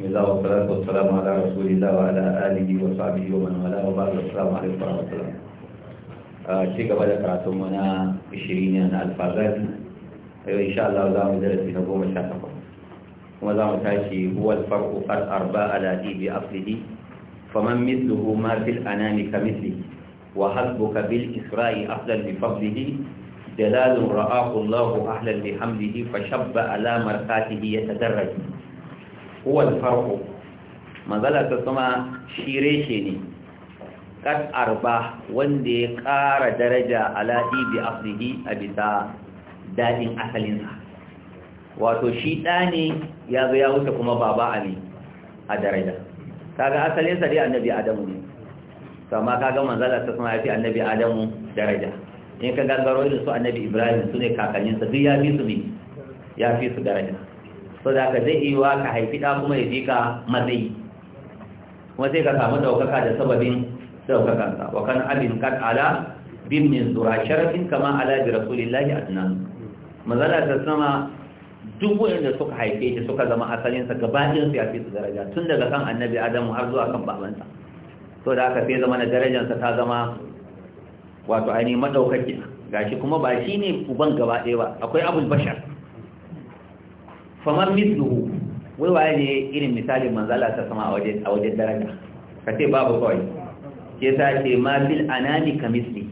بسم الله والصلاة والسلام على رسول الله وعلى آله وصحبه ومن والاه وبعد السلام عليكم ورحمة الله ci gaba da karatun mu na 20 na alfazari yau insha Allah za mu darasi na 18 kuma za mu tashi huwa alfarqu qad arba ala dibi aflihi faman mithluhu ma fil anami kamithlihi wa hasbuka bil isra'i afdal bi رآه الله أهلا لحمده فشب على مرقاته يتدرج huwa alfarqu manzala ta sama shireshe ne kat arba wanda ya ƙara daraja ala ibi aslihi a bisa dadin asalinsa wato shi ɗa ne ya zo ya wuce kuma baba ali a daraja kaga asalinsa dai annabi adamu ne kama kaga manzala ta sama ya fi annabi adamu daraja in ka gangaro irin su annabi ibrahim su ne kakanninsa duk ya fi su ne ya fi su daraja so da ka zai iya ka haifi ɗa kuma ya fi ka matsayi kuma sai ka samu ɗaukaka da sababin ɗaukakansa wa kan abin kan ala bin min zura sharafin kama ala bi rasulillahi adnan mazala ta sama duk wanda suka haife shi suka zama asalinsa gabaɗin su ya fi su daraja tun daga kan annabi adamu har zuwa kan babansa to da aka sai zama na darajarsa ta zama wato ainihin maɗaukaki gashi kuma ba shine ne uban gaba ɗaya ba akwai abul bashar kamar misluhu wai waye ne irin misalin Allah ta sama a wajen a daraja ka ce babu kawai ke sa ce ma fil anani ka misli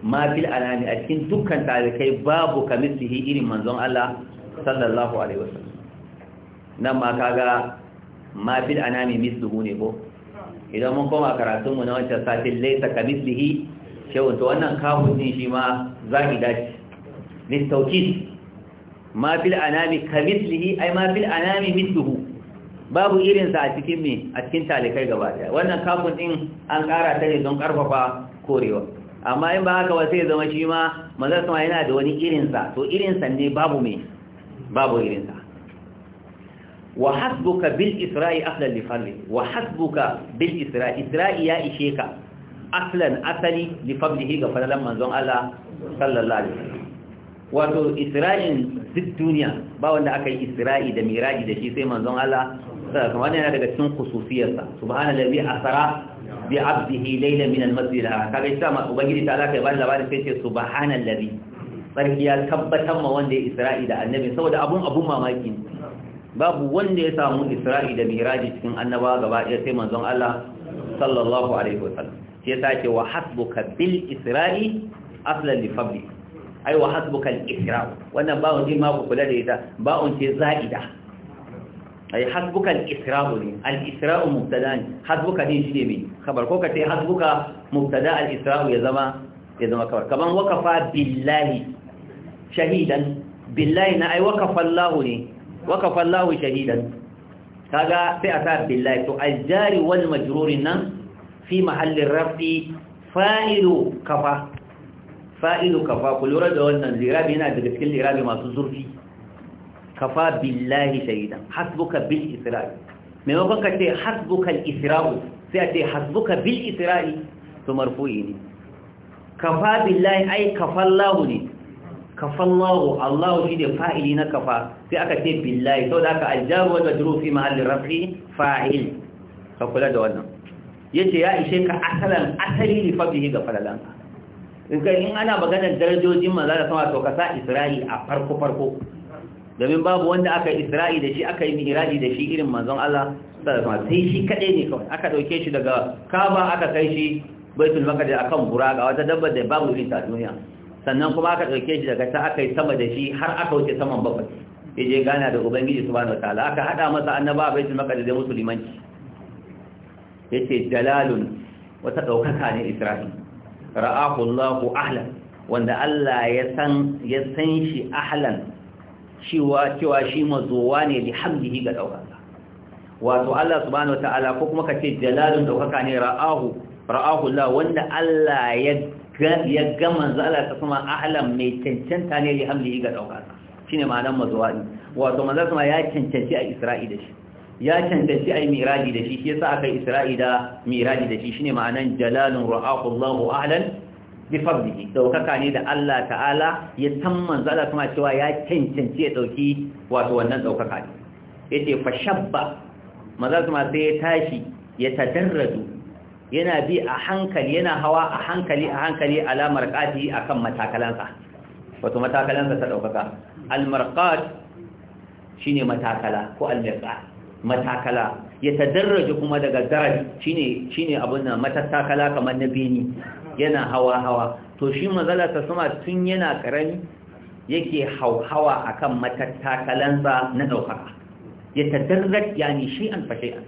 ma fil anani a cikin dukkan tarikai babu ka mislihi irin manzon Allah sallallahu alaihi wasallam nan ma kaga ma fil anani misluhu ne ko idan mun koma karatun mu na wancan satin laisa ka mislihi shewun to wannan kawun din shi ma zaki dace listauki ma fil anami kamithlihi ai ma fil anami mithluhu babu irinsa a cikin me a cikin talikai gaba daya wannan kafin din an kara ta ne don karfafa korewa amma in ba haka ba sai zama shi ma manzon sama yana da wani irin sa to irin sa ne babu me babu irinsa wa hasbuka bil isra'i aslan li fadli wa hasbuka bil isra'i isra'i ya isheka ka aslan asali li fadlihi ga fadalan manzon Allah sallallahu alaihi wato isra'in duk duniya ba wanda aka yi isra'i da miraji da shi sai manzon Allah kamar yana daga cikin khususiyarsa subhanallazi asara bi abdihi layla min al-masjid al kaga ita ma ubangiji ta Allah kai ba labarin sai ce subhanallazi sarki ya tabbatar ma wanda ya isra'i da annabi saboda abun abun mamaki babu wanda ya samu isra'i da miraji cikin annaba gaba ɗaya sai manzon Allah sallallahu alaihi wasallam sai ya ce wa hasbuka bil isra'i aslan li fadlik ai wa hasbuka al-ikra wannan ba'un din ma ku kula da ita ba'un ce za'ida ai hasbuka al-ikra ne al-ikra mubtada ne hasbuka din shine me khabar ko ka ce hasbuka mubtada al-ikra ya zama ya zama khabar kaman waqafa billahi shahidan billahi na ai waqafa Allah ne waqafa Allah shahidan kaga sai asa billahi to al-jari wal majrur nan fi mahalli rafi fa'ilu kafa fa'ilu kafa ku lura da wannan lirabi yana daga cikin lirabi masu zurfi kafa billahi shaidan hasbuka bil isra'i maimakon ka ce hasbuka al isra'u sai a ce hasbuka bil isra'i to marfu'i ne kafa billahi ai kafallahu ne kafallahu Allahu shi ne fa'ili na kafa sai aka ce billahi sau da aka aljaru wadda jiro fi mahallin rafi fa'il ka kula da wannan ya ce ya ishe ka asalan asali ne fabihi ga falalanka in kai in ana maganar darajojin manzo da sama to ka sa Isra'i a farko farko domin babu wanda aka Isra'i da shi aka yi Mi'raji da shi irin manzon Allah sallallahu alaihi wasallam sai shi kadai ne kawai aka dauke shi daga Kaaba aka kai shi Baitul Maqdis akan buraka wata dabbar da babu irin ta duniya sannan kuma aka dauke shi daga ta aka yi sama da shi har aka wuce saman bakwai yaje gana da Ubangiji subhanahu wataala aka hada masa annaba Baitul Maqdis da musulmanci yace dalalun wata daukaka ne Isra'i ra'ahu Allahu ahlan wanda Allah ya san ya san shi ahlan cewa cewa shi mazuwa ne bi hamdihi ga daukaka wato Allah subhanahu wataala ko kuma kace jalalun daukaka ne ra'ahu ra'ahu Allah wanda Allah ya ya ga manzo Allah ta kuma ahlan mai cancanta ne bi hamdihi ga daukaka shine ma'anar mazuwa wato manzo kuma ya cancanci a da shi ya cancanci yi miraji da shi shi yasa aka isra'i da miraji da shi shine ma'anan jalalun ra'aqullahu ahlan bi fadlihi daukaka ne da Allah ta'ala ya san manzo Allah kuma cewa ya cancanci ya dauki wato wannan daukaka ne yace fa shabba manzo kuma sai ya tashi ya tadarradu yana bi a hankali yana hawa a hankali a hankali alamar qati akan matakalansa wato matakalansa ta daukaka al-marqat shine matakala ko al matakala ya tadarraji kuma daga zarar shine shine abin nan matakala kamar na beni yana hawa hawa to shi mazala ta sama tun yana karami yake hauhawa akan matattakalansa na daukaka ya ya yani shi an fashe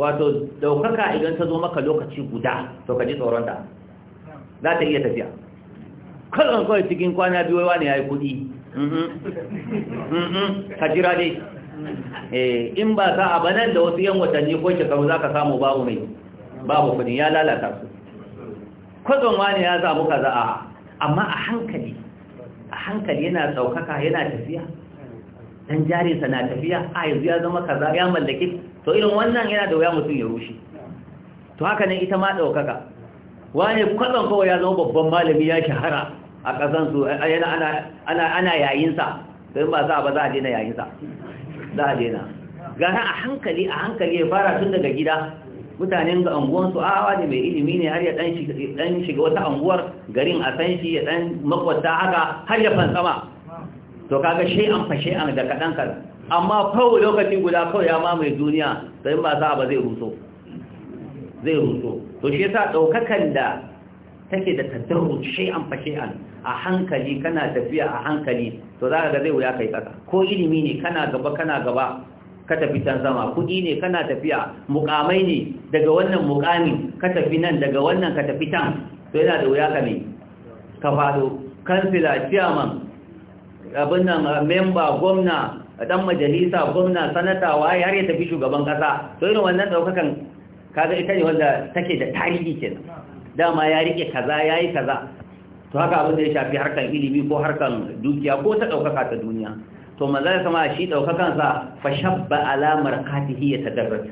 wato daukaka idan ta zo maka lokaci guda to ka ji tsoron ta za ta iya tafiya kallon kawai cikin kwana biyu wani ya yi kuɗi mm-hmm. Mm-hmm. ka jira dai Eh, in ba ta banan da wasu yan watanni ko shekaru za ka samu babu mai babu kudi ya lalata su kwazon wani ya samu kaza a amma a hankali a hankali yana tsaukaka yana tafiya dan jarinsa na tafiya a yanzu ya zama kaza ya mallake to irin wannan yana da wuya mutum ya rushe to haka ne ita ma ɗaukaka wani kwazon kawai ya zama babban malami ya shahara a ƙasansu ana yayinsa don ba za a ba za a daina yayinsa za a daina gara a hankali a hankali ya fara tun daga gida mutanen ga anguwansu awa ah, ne mai ilimi ne har ya dan shiga wata anguwar garin a san shi ya dan makwata haka har ya fansama to kaga shi an fashe an da kaɗan kan amma kawai lokaci guda kawai ya mai duniya sai ba sa ba zai ruso zai ruso to shi yasa ɗaukakan da take da tadarru shay'an fa shay'an a hankali kana tafiya a hankali to za ka ga zai wuya kai tsaka ko ilimi ne kana gaba kana gaba ka tafi can zama kuɗi ne kana tafiya mukamai ne daga wannan mukami ka tafi nan daga wannan ka tafi can to yana da wuya ka ne ka faɗo kansila chairman abin nan uh, memba gwamna dan majalisa gwamna sanata waye har ya tafi shugaban kasa to irin wannan ɗaukakan kaga ita ne wanda take da tarihi kenan dama ya rike kaza ya yi kaza to haka abin da ya shafi harkan ilimi ko harkan dukiya ko ta ɗaukaka ta duniya to maza ya sama shi ɗaukakansa fa shabba alamar marqatihi ya tadarrat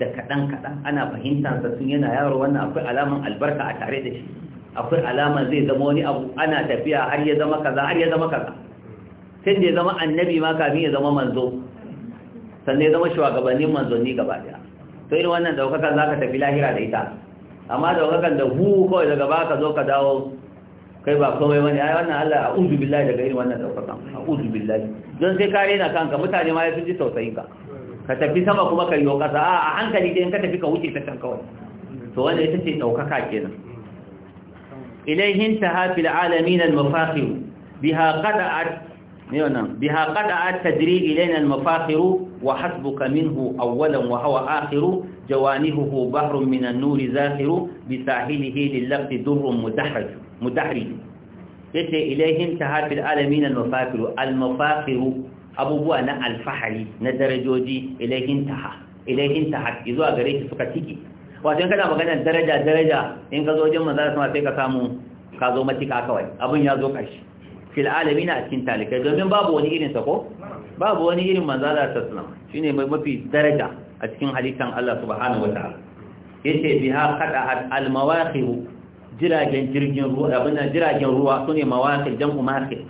da kaɗan kadan ana fahimtansa tun yana yaro wannan akwai alaman albarka a tare da shi akwai alaman zai zama wani abu ana tafiya har ya zama kaza har ya zama kaza sai da ya zama annabi ma kafin ya zama manzo sannan ya zama shugabannin ni gaba daya to irin wannan daukakan za ka tafi lahira da ita amma da wakakan da hu kawai daga baka zo ka dawo kai ba komai wani ai wannan Allah a'udhu billahi daga irin wannan daukakan a'udhu billahi don sai ka rena kanka mutane ma sun ji tausayin ka ka tafi sama kuma ka yi kasa a hankali dai in ka tafi ka wuce ta can kawai to wanda ita ce daukaka kenan ilaihin taha fil alamin al mafaqir biha qada'at ndio na biha qada atajri ilaina almafakhir wa hasbuka minhu awwalan wa huwa akhiru jawanihuhu bahrun bisa an-nuri zahiru bi sahilihi lillabd durrun mudahrij mudahrij yati ilayhim tahab alalamin almafakhir almafakhir abubwa na alfahli na darajoji ilayhim taha ilayhim taha izuwa shi suka tiki wato in kana magana daraja daraja in ka zo jin manzo sai ka samu ka zo matika kawai abun ya zo kashi fil alamina a cikin talikai domin babu wani irin sako babu wani irin manzo Allah sallallahu shine mai mafi daraja a cikin halittan Allah subhanahu wataala yace biha qada'at al mawaqib jiragen jirgin ruwa abin jiragen ruwa sune mawaqib jam'u mawaqib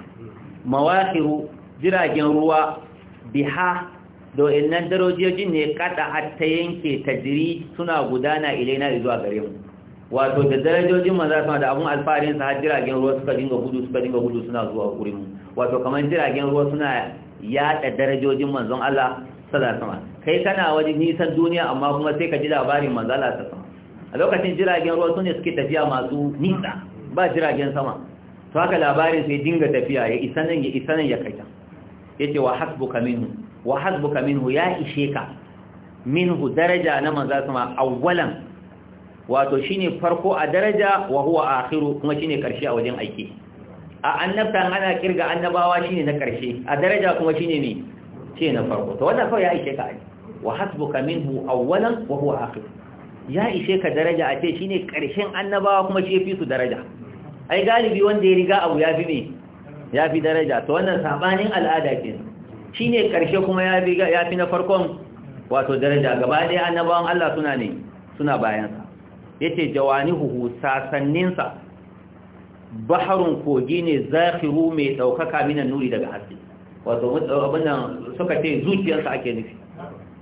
mawaqib jiragen ruwa biha do innan darojojin ne kada ta yanke tajiri suna gudana ilaina zuwa gare mu wato da darajojin manzo sama da abun alfarin sa har jiragen ruwa suka dinga gudu suka dinga gudu suna zuwa mu. wato kamar jiragen ruwa suna yada darajojin manzon Allah sallallahu alaihi wasallam kai kana waje nisan duniya amma kuma sai ka ji labarin manzon Allah sallallahu alaihi wasallam a lokacin jiragen ruwa sun suke tafiya masu nisa ba jiragen sama to haka labarin sai dinga tafiya ya isa nan ya isa nan ya kai ta, yace wa hasbuka minhu wa hasbuka minhu ya ishe ka minhu daraja na manzon sama awwalan wato shine farko a daraja wa huwa akhiru kuma shine karshe a wajen aiki a annabtan ana kirga annabawa shine na karshe a daraja kuma shine ne ce na farko to wannan kawai ya ishe ka ai wa hasbuka minhu awwalan wa huwa akhiru. ya ishe ka daraja a ce shine karshen annabawa kuma shi fi su daraja ai galibi wanda ya riga abu ya fi me daraja to wannan sabanin al'ada ke shine karshe kuma ya fi na farkon wato daraja gaba ɗaya annabawan Allah suna ne suna bayansa yace jawanihu sasanninsa baharun kogi ne zakhiru mai ɗaukaka minan nuri daga haske wato abinan suka ce zuciyarsa ake nufi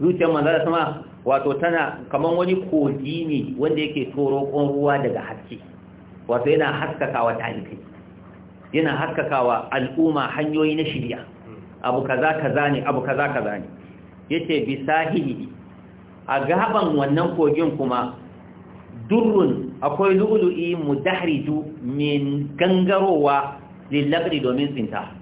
zuciyar manzara sama wato tana kaman wani kogi ne wanda yake toro ruwa daga haske wato yana haskakawa talibai yana haskakawa al'umma hanyoyi na shirya abu kaza kaza ne abu kaza kaza ne yace bisahili a gaban wannan kogin kuma durrun akwai lu'lu'i mudahriju min gangarowa lillabri domin tsinta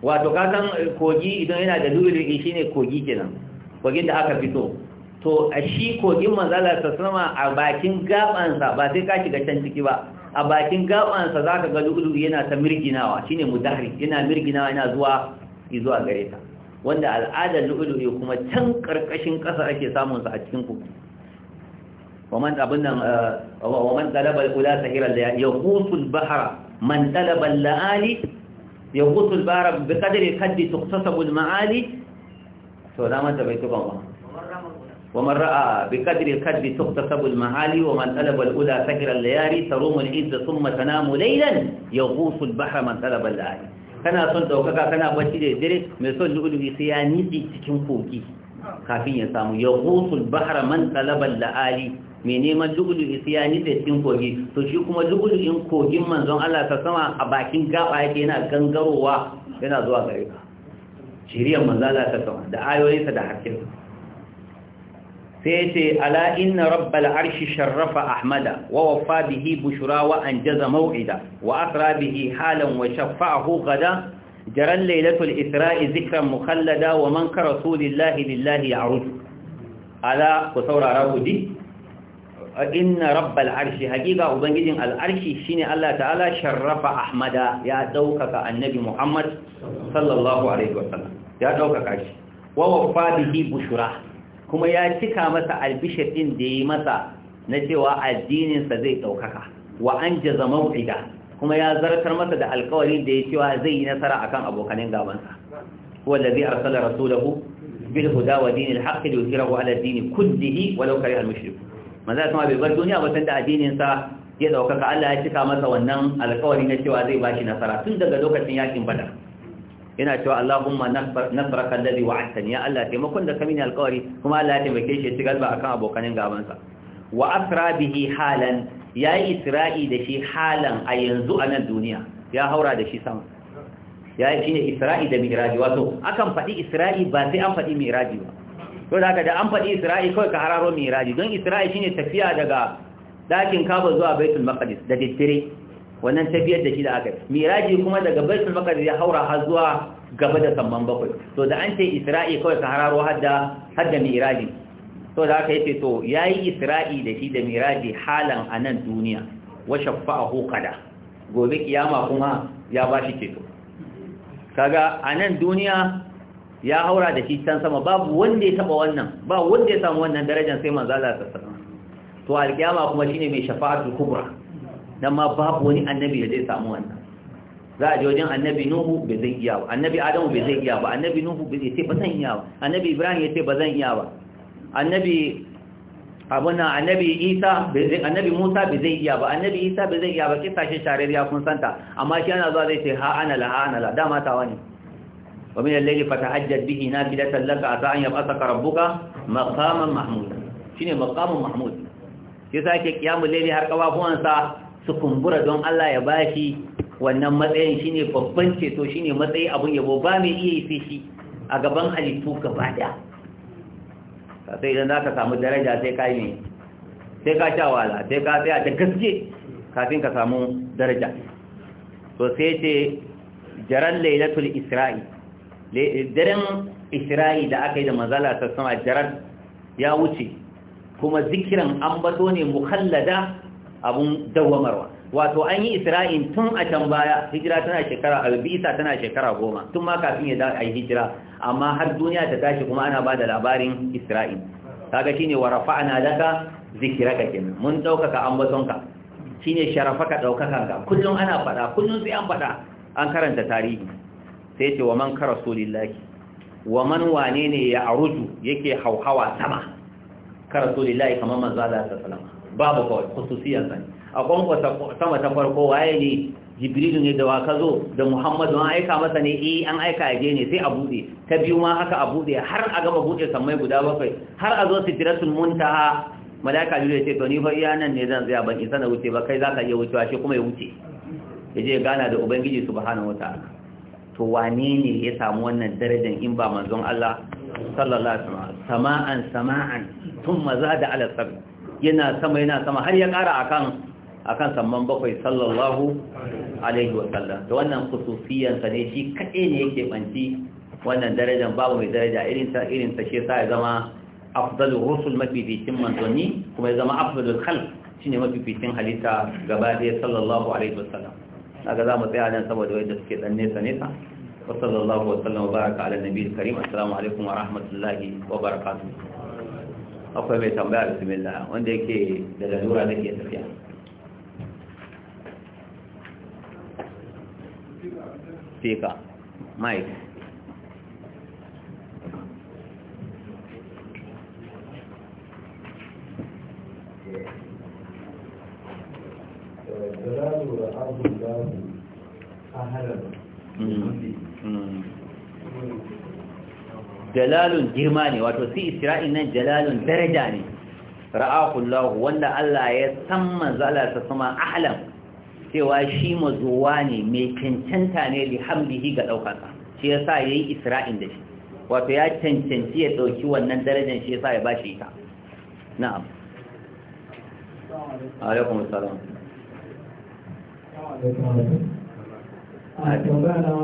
wato kasan eh, kogi idan yana da lu'lu'i shine kogi kenan kogin da aka fito to a shi kogin manzala ta sama a bakin gabansa ba sai ka shiga can ciki ba a bakin gabansa za ka ga lu'lu'i yana ta mirginawa shine mudahri yana mirginawa yana zuwa zuwa gare ta wanda al'adar lu'lu'i kuma can karkashin ƙasa ake samunsa a cikin kogi ومن أبنى آه، ومن طلب الأولى سهر الليالي يغوص البحر من طلب اللآلي يغوص البحر بقدر القد تقتصب المعالي سلامة بيتكم الله ومن رأى بقدر الكذب تقتصب المعالي ومن طلب الأولى سكر الليالي تروم العز ثم تنام ليلا يغوص البحر من طلب الليالي kana son daukaka kana bacci da dare mai son lu'ulu'i sai ya nitsi cikin kogi kafin ya samu yaghusul bahra man talaba al-ali mai neman lu'ulu'i sai ya nitsa cikin kogi to shi kuma lu'ulu'in kogin manzon Allah ta sama a bakin gaba yake yana gangarowa yana zuwa gare ka shiriyar manzon Allah ta sama da ayoyinsa da hakkin sai ce ala inna rabbal arshi sharrafa ahmada wa waffa bihi bushra wa anjaza maw'ida wa asra bihi halan wa shaffa'ahu gada jaran lailatul isra'i zikran mukhallada wa man ka rasulillahi lillahi ya'ruj ala ku saurara ku di inna rabbal arshi hakika ubangijin al'arshi shine Allah ta'ala sharrafa ahmada ya daukaka annabi Muhammad sallallahu alaihi wasallam ya daukaka shi wa waffa bihi bushra kuma ya cika masa albishir din da yi masa na cewa addinin sa zai daukaka wa anjaza maw'ida kuma ya zartar masa da alƙawari da ya cewa zai yi nasara akan abokanin gabansa wallazi arsala rasulahu bil huda wa dinil haqqi liyudhhirahu ala dini kullihi walau kariha al mushrikun manzo kuma bai bar duniya ba san da addinin sa ya daukaka Allah ya cika masa wannan alƙawari na cewa zai bashi nasara tun daga lokacin yakin badar yana cewa Allahumma nasraka alladhi wa'adtani ya Allah taimakon da kamin alƙawari kuma Allah ya taimake shi ya ci galba akan abokanin gaban sa wa asra bihi halan yayi isra'i da shi halan a yanzu a nan duniya ya haura da shi sama yayi shine isra'i da mi'raji wato akan faɗi isra'i ba sai an faɗi mi'raji ba to da haka da an faɗi isra'i kawai ka hararo miraji don isra'i shine tafiya daga ɗakin kaba zuwa baitul maqdis da daddare wannan tafiyar da shi da aka miraji kuma daga baitul maqdis ya haura har zuwa gaba da samman bakwai to da an ce isra'i kawai ka hararo har da miraji to da aka yace to yayi isra'i da shi da miraji halan a nan duniya wa shaffa'ahu kada gobe kiyama kuma ya ba shi ceto kaga a nan duniya ya haura da shi can sama babu wanda ya taba wannan ba wanda ya samu wannan darajar sai manzo Allah sallallahu alaihi wasallam to alkiyama kuma shine mai shafa'atul kubra dan ma babu wani annabi da zai samu wannan za a je wajen annabi nuhu bai zai iya ba annabi adamu bai zai iya ba annabi nuhu bai ce ba zan iya ba annabi ibrahim ya ce ba zan iya ba annabi abuna annabi isa bai annabi musa bai zai iya ba annabi isa bai zai iya ba kisa shi sharar ya kun santa amma shi ana zuwa zai ce ha ana la ha ana la dama ta wani. ومن الليل فتهجد به نافلة لك عسى أن يبعثك ربك مقاما محمودا شنو مقام محمود yasa yake kiyamul laili har kawafuwansa su kumbura don Allah ya bashi wannan matsayin shine babban ceto shine matsayi abun yabo ba mai iya yi shi a gaban halittu gaba da sai idan zaka samu daraja sai kai ne sai ka sha wahala. sai ka tsaya da gaske kafin ka samu daraja to sai ce jaran lailatul isra'i daren isra'i da aka yi da mazala ta sama jarar ya wuce kuma zikiran ambato ne mukallada abun dawamarwa wato an yi isra'i tun a can baya hijira tana shekara albisa tana shekara goma tun ma kafin ya a yi hijira amma har duniya ta tashi kuma ana ba da labarin isra'in kaga shine wa rafa'na laka zikraka kenan mun daukaka ambatonka shine sharafaka ka kullun ana fada kullun sai an faɗa. an karanta tarihi sai ce wa man ka rasulillahi wa man wane ne ya aruju yake hauhawa sama ka rasulillahi kamar manzo da salama babu kawai kususiyar sani a kwankwasa sama ta farko waye ne jibrilu ne da waka zo da muhammadu an aika masa ne eh an aika aje ne sai a bude ta biyu ma haka a bude har a gama bude sammai guda bakwai har a zo sidratul muntaha malaika jibril ya ce to ni fa iya nan ne zan tsaya ban isa na wuce ba kai za ka iya wucewa shi kuma ya wuce je gana da ubangiji subhanahu ta'ala to wane ne ya samu wannan darajar in ba manzon Allah sallallahu alaihi wasallam sama'an sama'an tun maza da sab'i yana sama yana sama har ya kara akan akan samman bakwai sallallahu alaihi wasallam da wannan kusufiyan sa ne shi kade ne yake banci wannan darajar babu mai daraja irin ta irin ta shi sai zama afdalur rusul mafificin manzanni kuma ya zama afdalul khalq shine mafificin halitta gaba ɗaya sallallahu alaihi wasallam daga za mu tsaya nan saboda wanda suke dan nesa nesa wa sallallahu wa sallam wa baraka ala nabiyil karim assalamu alaikum wa rahmatullahi wa barakatuh akwai mai tambaya bismillah wanda yake da lalura da ke tafiya fika Mike. Hmm. jalalun girma ne wato si isra'il nan jalalun daraja ne ra'ahullahu wanda Allah ya san manzala ta sama ahlam cewa shi mazuwa ne mai cancanta ne li hamdihi ga ɗaukaka shi yasa yayi isra'il da shi wato ya cancanci ya dauki wannan darajar shi yasa ya bashi ita na'am alaikum assalam a tambaya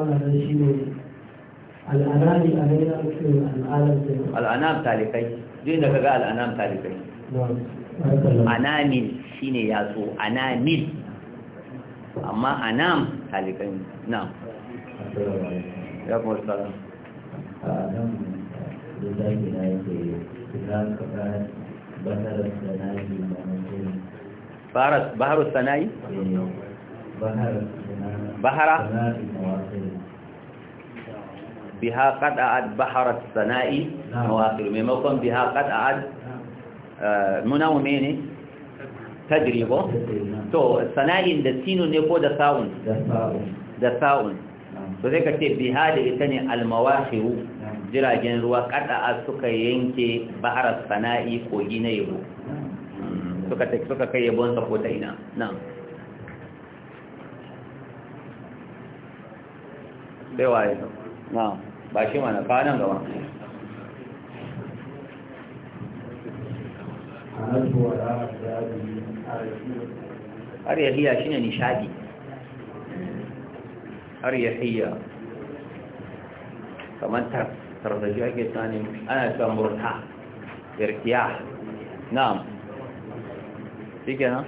a yana al'anam talikai duk da kaga al'anam talikai anamin shine yatsu anamil amma anam talikai na ya kuma tsara a nan da na yake kira sanayi? bahara biha qad a'ad sana'i nawafil maimakon biha qad a'ad eh, munawu mene tajri to sana'in da sinu ne ko da sa'un da sa'un to sai ka biha da ita ne almawahiru jiragen ruwa kada suka yanke baharar sana'i kogi na yabo suka kai yabonsa ko ta ina sai waye na ba shi mana kanan gaba har yahiya shi ne nishadi har yahiya kamar tarzaji ake tsanin ana cewa murta irkiya na'am shi kenan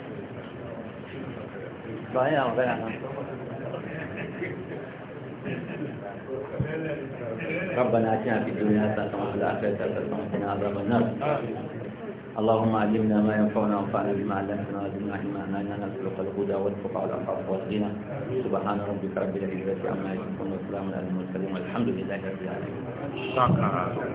ba yana magana nan ربنا اتنا في الدنيا حسنه وفي الاخره حسنه وقنا عذاب النار اللهم علمنا ما ينفعنا وانفعنا بما علمتنا وزدنا علما اننا نسلك الهدى والتقى والعفاف والغنى سبحان ربك رب العزه عما يصفون وسلام على المرسلين والحمد لله رب العالمين